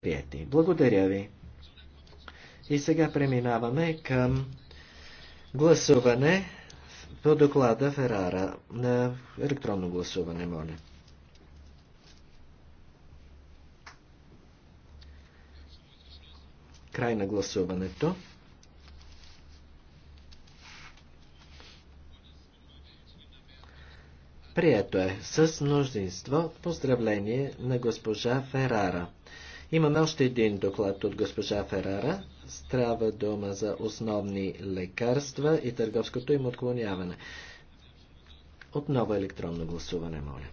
прияти. Благодаря ви. И сега преминаваме към гласуване по доклада Ферара на електронно гласуване, моля. Край на гласуването. Прието е с множество поздравление на госпожа Ферара. Имаме още един доклад от госпожа Ферара. Страва дума за основни лекарства и търговското им отклоняване. Отново електронно гласуване, моля.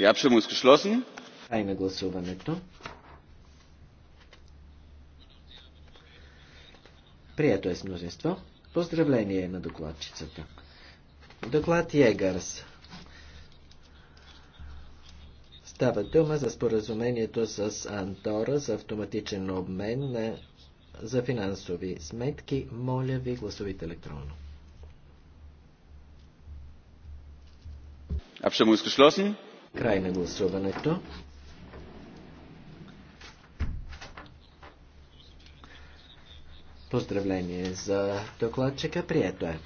Die Abstimmung ist geschlossen. Край на гласуването. Прието е с мнозинство. Поздравление на докладчицата. Доклад Егърс. Става дума за споразумението с Антора за автоматичен обмен на, за финансови сметки. Моля ви, гласувайте електронно. Край на гласуването. Поздравление за докладчика. Прието е.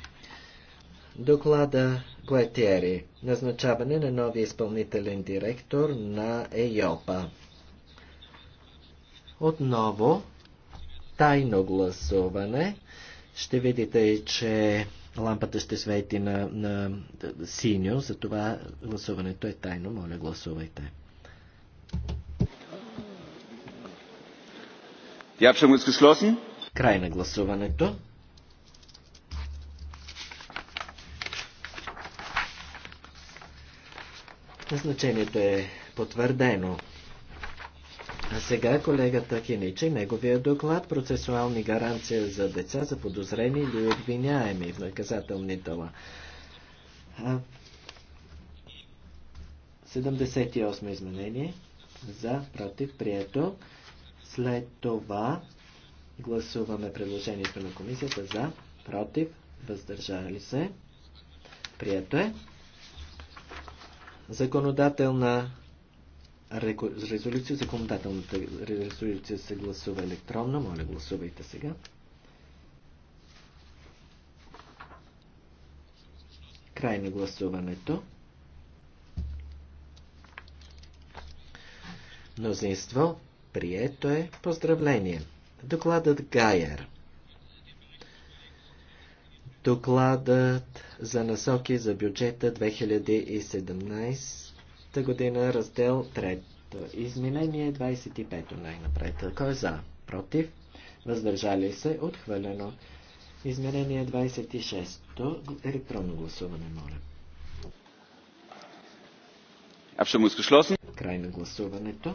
Доклада Гуетиери. Назначаване на нови изпълнителен директор на ЕЙОПА. Отново тайно гласуване. Ще видите, че лампата ще свети на, на синьо, затова гласуването е тайно. Моля, гласувайте. Край на гласуването. Значението е потвърдено. А сега колегата Киничи, неговия доклад, процесуални гаранции за деца, за подозрени или обвиняеми в наказателни дела. 78 изменение за, против, прието. След това гласуваме предложението на комисията за, против, въздържали се. Прието е. Законодателна резолюция, законодателната резолюция се гласува електронно. Моля, гласувайте сега. Край на гласуването. Мнозинство прието е поздравление. Докладът Гайер – Докладът за насоки за бюджета 2017 година, раздел 3. Изменение 25 най-напред. Кой е за? Против? Въздържали се? Отхвърлено. Изменение 26. То електронно гласуване, моля. Абшемо Край на гласуването.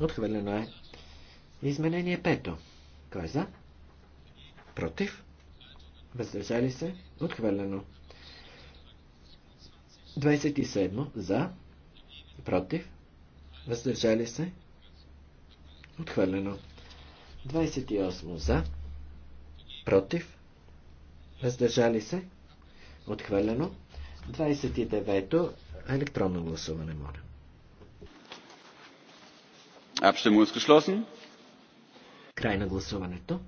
Отхвърлено е. Изменение 5. Кой е за? Против? Въздържали се? Отхвърлено. 27. За? Против? Въздържали се? Отхвърлено. 28. За? Против? Въздържали се? Отхвърлено. 29. Електронно гласуване, моля. Abstimmung ist geschlossen. Край на гласуването.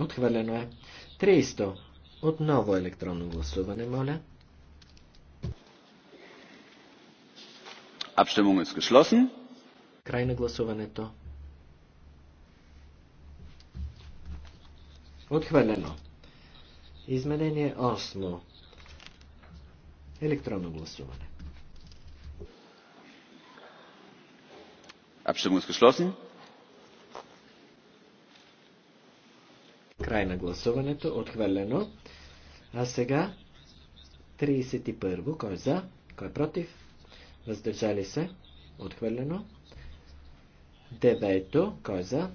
Отхвърлено е. 300. Отново електронно гласуване, моля. Abstimmung ist е geschlossen. Край на гласуването. Отхвърлено. Изменение 8. Електронно гласуване. Abstimmung ist geschlossen. Край на гласуването. Отхвърлено. А сега 31. Кой е за? Кой е против? Въздържали се? Отхвърлено. Девето. Кой е за?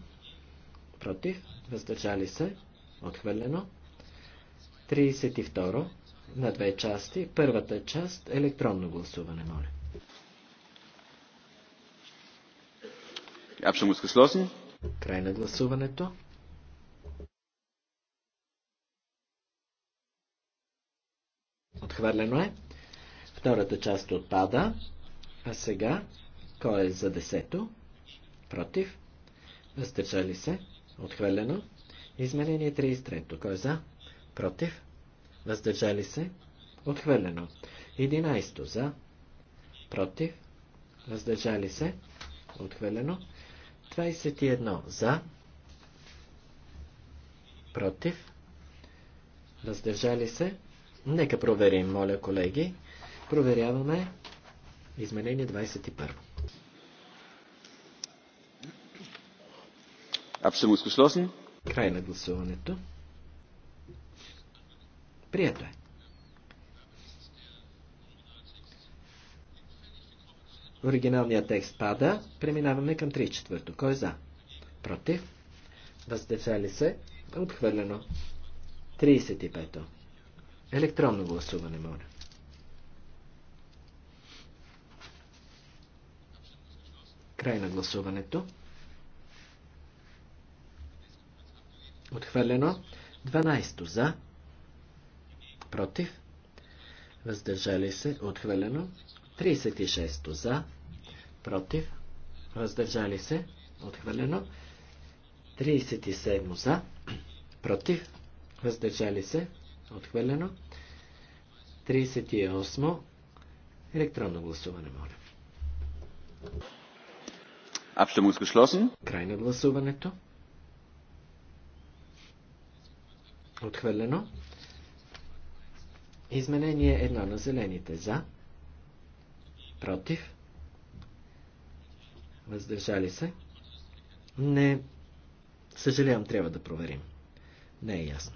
Против? Въздържали се? Отхвърлено. 32. На две части. Първата част електронно гласуване, моля. Край на гласуването. Отхвърлено е. Втората част отпада. А сега, кой е за десето? Против. Въздържали се. Отхвърлено. Изменение 33. Кой е за? Против. Въздържали се. Отхвърлено. 11. За. Против. Въздържали се. Отхвърлено. 21 за, против, въздържали се. Нека проверим, моля колеги. Проверяваме изменение 21. Абсолютно изкушлосен. Край на гласуването. Прието е. Оригиналният текст пада. Преминаваме към 3 4 Кой е за? Против. Въздържали се. Отхвърлено. 35-то. Електронно гласуване, моля. Край на гласуването. Отхвърлено. 12 за. Против. Въздържали се. Отхвърлено. 36 за, против, въздържали се, отхвърлено. 37 за, против, въздържали се, отхвърлено. 38 електронно гласуване, моля. Abstimmung geschlossen. Е Край на гласуването. Отхвърлено. Изменение едно на зелените за против, въздържали се. Не, съжалявам, трябва да проверим. Не е ясно.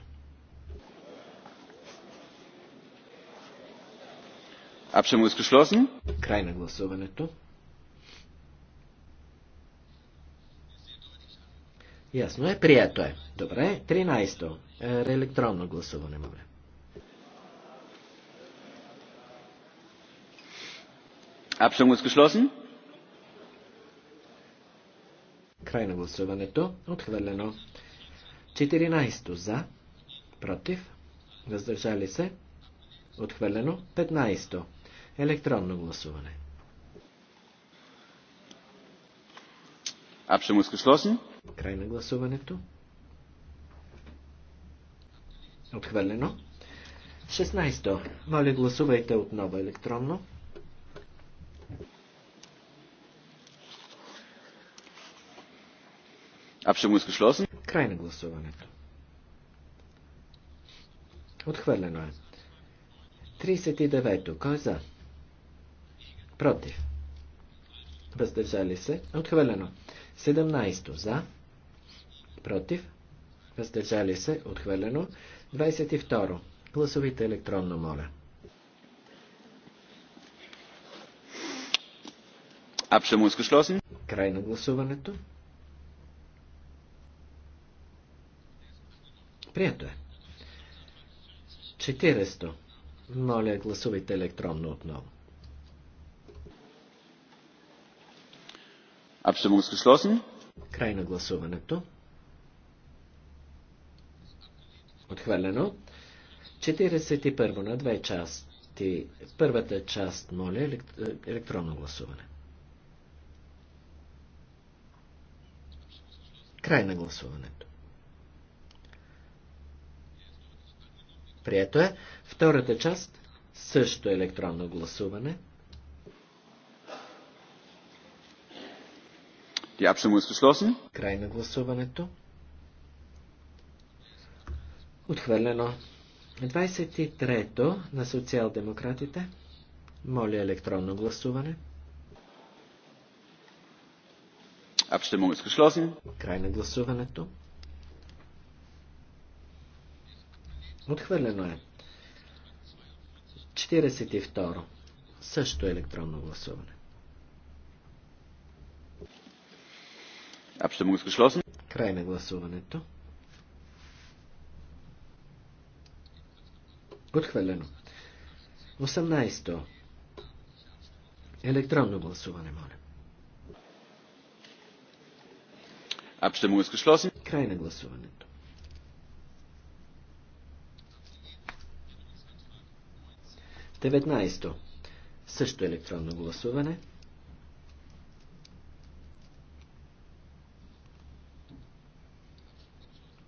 Abstimmung ist Край на гласуването. Ясно е, прието е. Добре, 13-то. Е, електронно гласуване, моля. Abstimmung ist geschlossen. Край на гласуването. Отхвърлено. 14 за. Против. Въздържали се. Отхвърлено. 15. Електронно гласуване. Abstimmung geschlossen. Край на гласуването. Отхвърлено. 16. Моля, гласувайте отново електронно. Край на гласуването. Отхвърлено е. 39-то. Кой е за? Против. Въздържали се. Отхвърлено. 17-то. За. Против. Въздържали се. Отхвърлено. 22 Гласовите електронно, моля. Абстимус Край на гласуването. Прието е. 400. Моля, гласувайте електронно отново. Абсолютно ist Край на гласуването. Отхвърлено. 41 на две части. Първата част, моля, електронно гласуване. Край на гласуването. Прието е. Втората част също електронно гласуване. Die Abstimmung ist geschlossen. Край на гласуването. Отхвърлено. 23-то на социал-демократите. Моля електронно гласуване. Abstimmung ist geschlossen. Край на гласуването. Отхвърлено е. 42. Също електронно гласуване. Abstimmung ist Край на гласуването. Отхвърлено. 18. Електронно гласуване, моля. Abstimmung ist Край на гласуването. 19. Също електронно гласуване.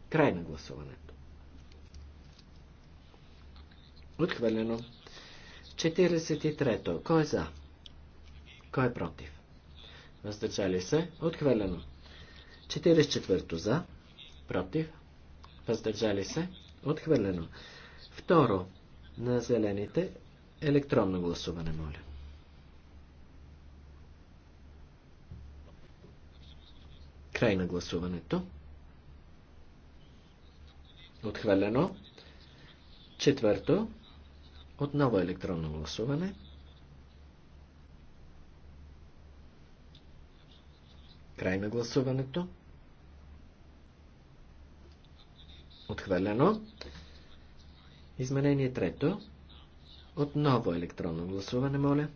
Край на гласуването. Отхвърлено. 43. Кой е за? Кой е против? Въздържали се? Отхвърлено. 44. За? Против? Въздържали се? Отхвърлено. Второ. На зелените Електронно гласуване, моля. Край на гласуването. Отхвърлено. Четвърто. Отново електронно гласуване. Край на гласуването. Отхвърлено. Изменение трето. Отново електронно гласуване, моля.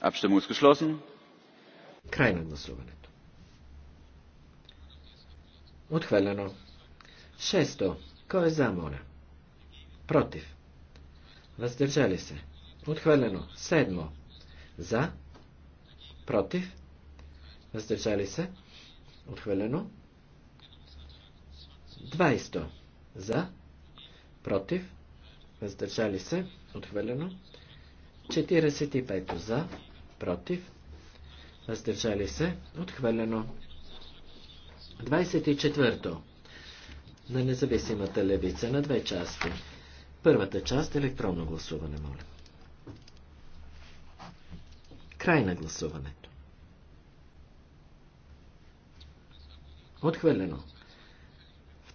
Abstimmung ist Край на гласуването. Отхвърлено. Шесто. Кой е за, моля? Против. Въздържали се. Отхвърлено. Седмо. За. Против. Въздържали се. Отхвърлено. Двайсто. За. Против. Въздържали се. Отхвърлено. 45 за. Против. Въздържали се. Отхвърлено. 24 на независимата левица на две части. Първата част е електронно гласуване, моля. Край на гласуването. Отхвърлено.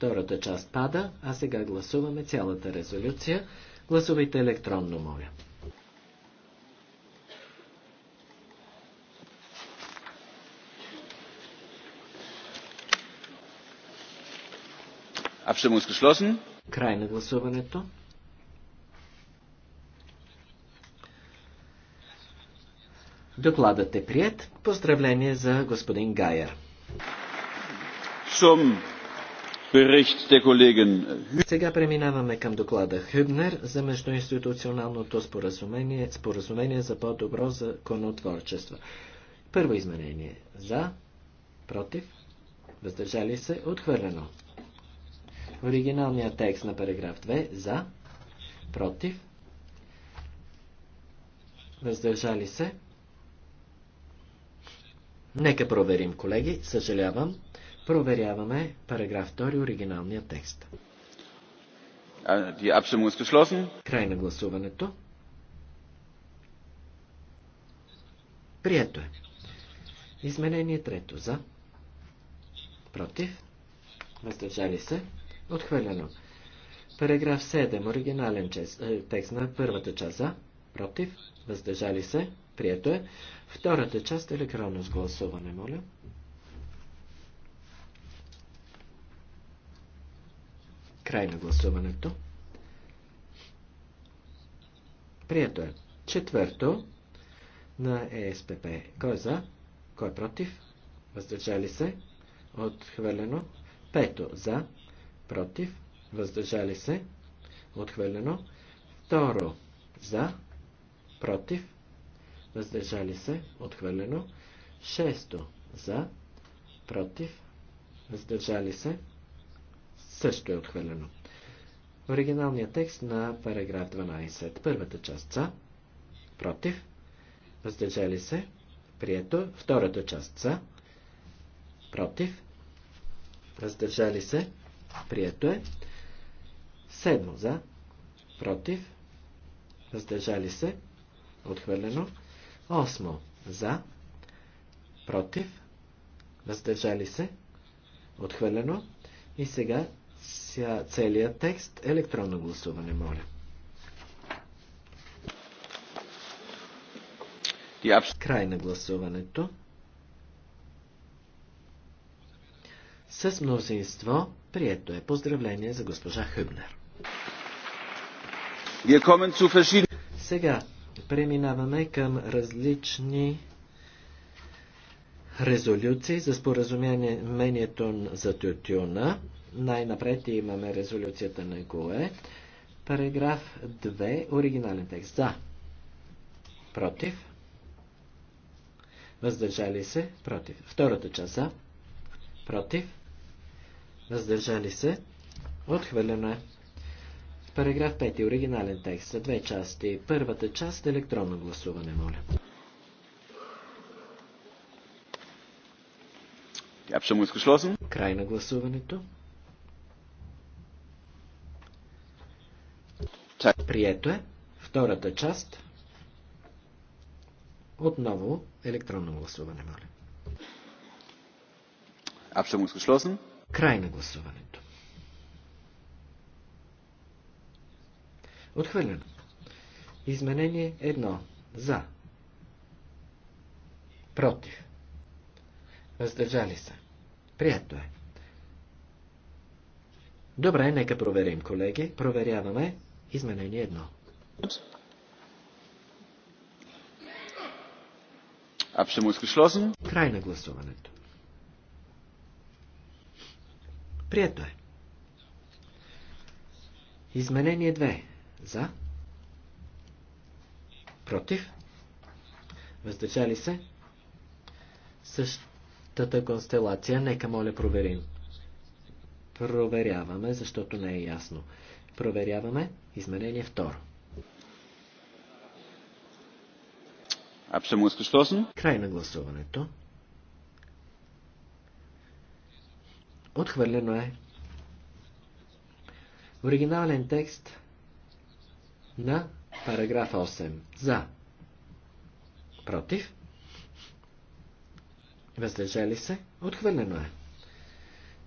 Втората част пада, а сега гласуваме цялата резолюция. Гласувайте електронно, моля. Край на гласуването. Докладът е прият. Поздравление за господин Гайер. Сега преминаваме към доклада Хюбнер за междуинституционалното споразумение, споразумение за по-добро законотворчество. Първо изменение. За, против, въздържали се, отхвърлено. Оригиналният текст на параграф 2. За, против, въздържали се. Нека проверим, колеги. Съжалявам. Проверяваме параграф 2, оригиналния текст. Край на гласуването. Прието е. Изменение трето за. Против. Въздържали се. Отхвърлено. Параграф 7. Оригинален чест, е, текст на първата част за. Против. Въздържали се. Прието е. Втората част електронно сгласуване, гласуване, моля. Край на гласуването. Прието е. Четвърто на ЕСПП. Кой е за? Кой е против? Въздържали се? Отхвърлено. Пето за. Против. Въздържали се? Отхвърлено. Второ за. Против. Въздържали се? Отхвърлено. Шесто за. Против. Въздържали се? също е отхвърлено. Оригиналният текст на параграф 12. Първата част за, против, въздържали се, прието. Втората част за, против, въздържали се, прието е. Седмо за, против, въздържали се, отхвърлено. Осмо за, против, въздържали се, отхвърлено. И сега Ся, целият текст. Е електронно гласуване, моля. Край на гласуването. С мнозинство прието е поздравление за госпожа Хъбнер. Сега преминаваме към различни резолюции за споразумението за тютюна. Най-напред имаме резолюцията на ГОЕ. Параграф 2, оригинален текст. За. Против. Въздържали се. Против. Втората част. За. Против. Въздържали се. Отхвърлено е. Параграф 5. Оригинален текст. За две части. Първата част. Електронно гласуване, моля. Край на гласуването. Прието е. Втората част. Отново електронно гласуване, моля. Абсолютно Край на гласуването. Отхвърлено. Изменение едно За. Против. Въздържали се. Прието е. Добре, нека проверим, колеги. Проверяваме Изменение едно. Край на гласуването. Прието е. Изменение 2. За. Против. Въздържали се. Същата констелация. Нека моля проверим. Проверяваме, защото не е ясно. Проверяваме изменение второ. Край на гласуването. Отхвърлено е оригинален текст на параграф 8. За. Против. Въздържали се. Отхвърлено е.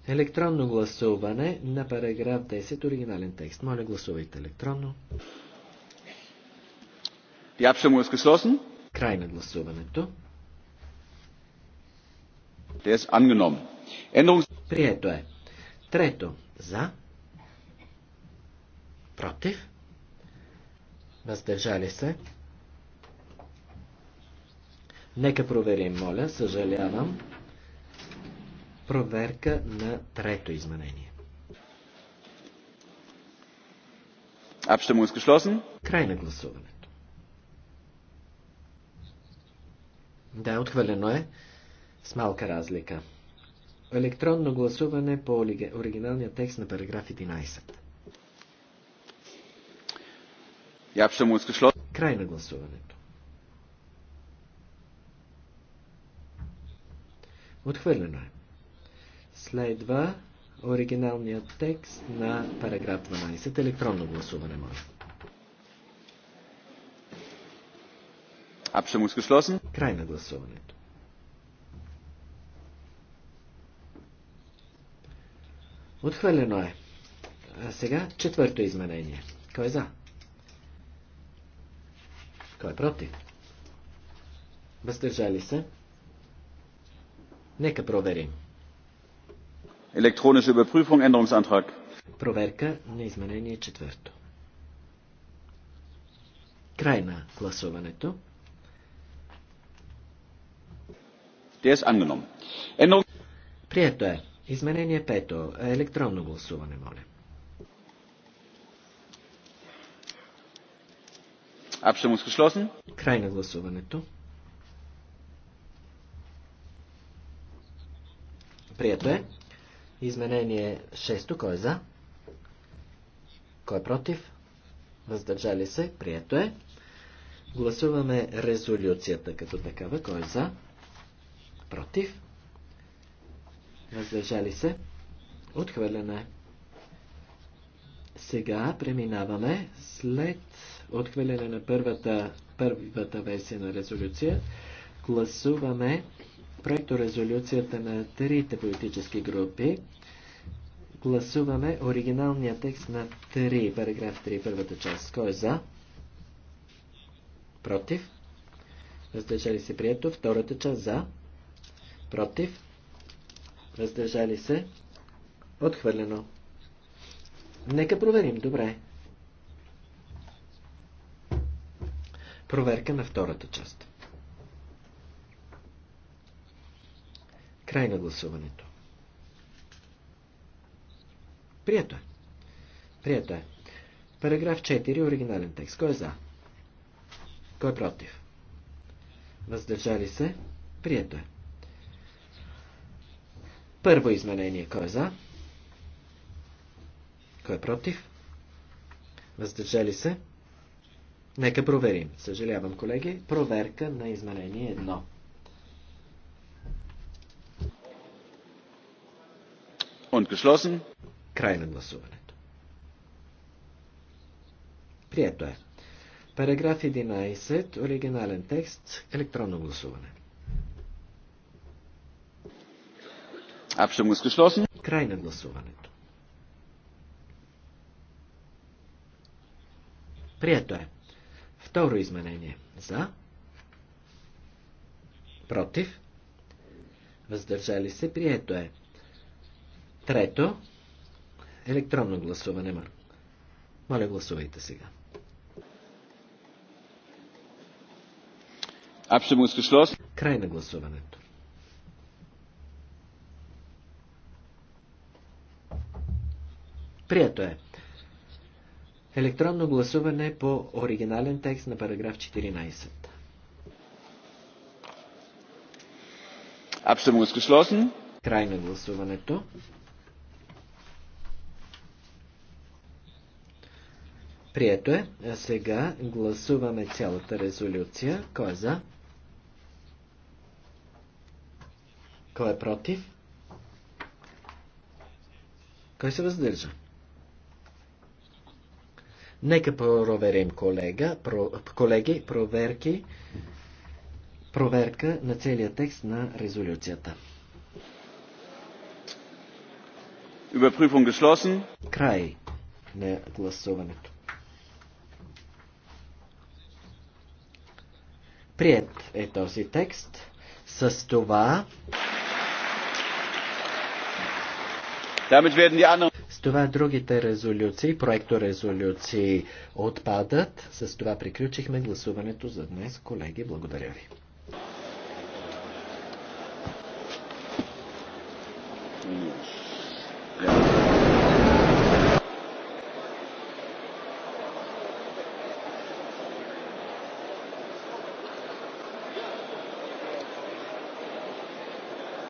Електронно гласуване на параграф 10, оригинален текст. Моля, гласувайте електронно. Die Abstimmung ist geschlossen. Край на гласуването. Der ist angenommen. Änderungs... Прието е. Трето. За. Против. Въздържали се. Нека проверим, моля. Съжалявам проверка на трето изменение. Abstimmung ist geschlossen. Край на гласуването. Да, отхвърлено е с малка разлика. Електронно гласуване по оригиналния текст на параграф 11. Край на гласуването. Отхвърлено е. Следва оригиналният текст на параграф 12. Електронно гласуване, може. Abstimmung Край на гласуването. Отхвърлено е. А сега четвърто изменение. Кой е за? Кой е против? Въздържали се? Нека проверим. Електронна Überprüfung, Änderungsantrag. Проверка на изменение четвърто. Край на гласуването. Der ангеном. Прието е. Изменение пето. Електронно гласуване, моля. Abstimmung ist Край на гласуването. Прието е. Изменение 6. Кой е за? Кой е против? Въздържали се? Прието е. Гласуваме резолюцията като такава. Кой е за? Против? Въздържали се? Отхвърлена е. Сега преминаваме след отхвърляне на първата, първата версия на резолюция. Гласуваме проекторезолюцията на трите политически групи. Гласуваме оригиналния текст на 3, параграф 3, първата част. Кой е за? Против? Въздържали се прието. Втората част за? Против? Въздържали се? Отхвърлено. Нека проверим. Добре. Проверка на втората част. Край на гласуването. Прието е. Прието е. Параграф 4, оригинален текст. Кой е за? Кой е против? Въздържали се? Прието е. Първо изменение. Кой е за? Кой е против? Въздържали се? Нека проверим. Съжалявам, колеги. Проверка на изменение 1. und geschlossen. Край на гласуването. Прието е. Параграф 11, оригинален текст, електронно гласуване. Abstimmung е geschlossen. Край на гласуването. Прието е. Второ изменение. За. Против. Въздържали се. Прието е. Трето, електронно гласуване. Моля, гласувайте сега. Край на гласуването. Прието е. Електронно гласуване по оригинален текст на параграф 14. Абсолютно Край на гласуването. Прието е. А сега гласуваме цялата резолюция. Кой е за? Кой е против? Кой се въздържа? Нека проверим, колега, про, колеги, проверки, проверка на целия текст на резолюцията. Überprüfung geschlossen. Край на гласуването. Прият е този текст. С това... С това другите резолюции, проекто резолюции отпадат. С това приключихме гласуването за днес. Колеги, благодаря ви.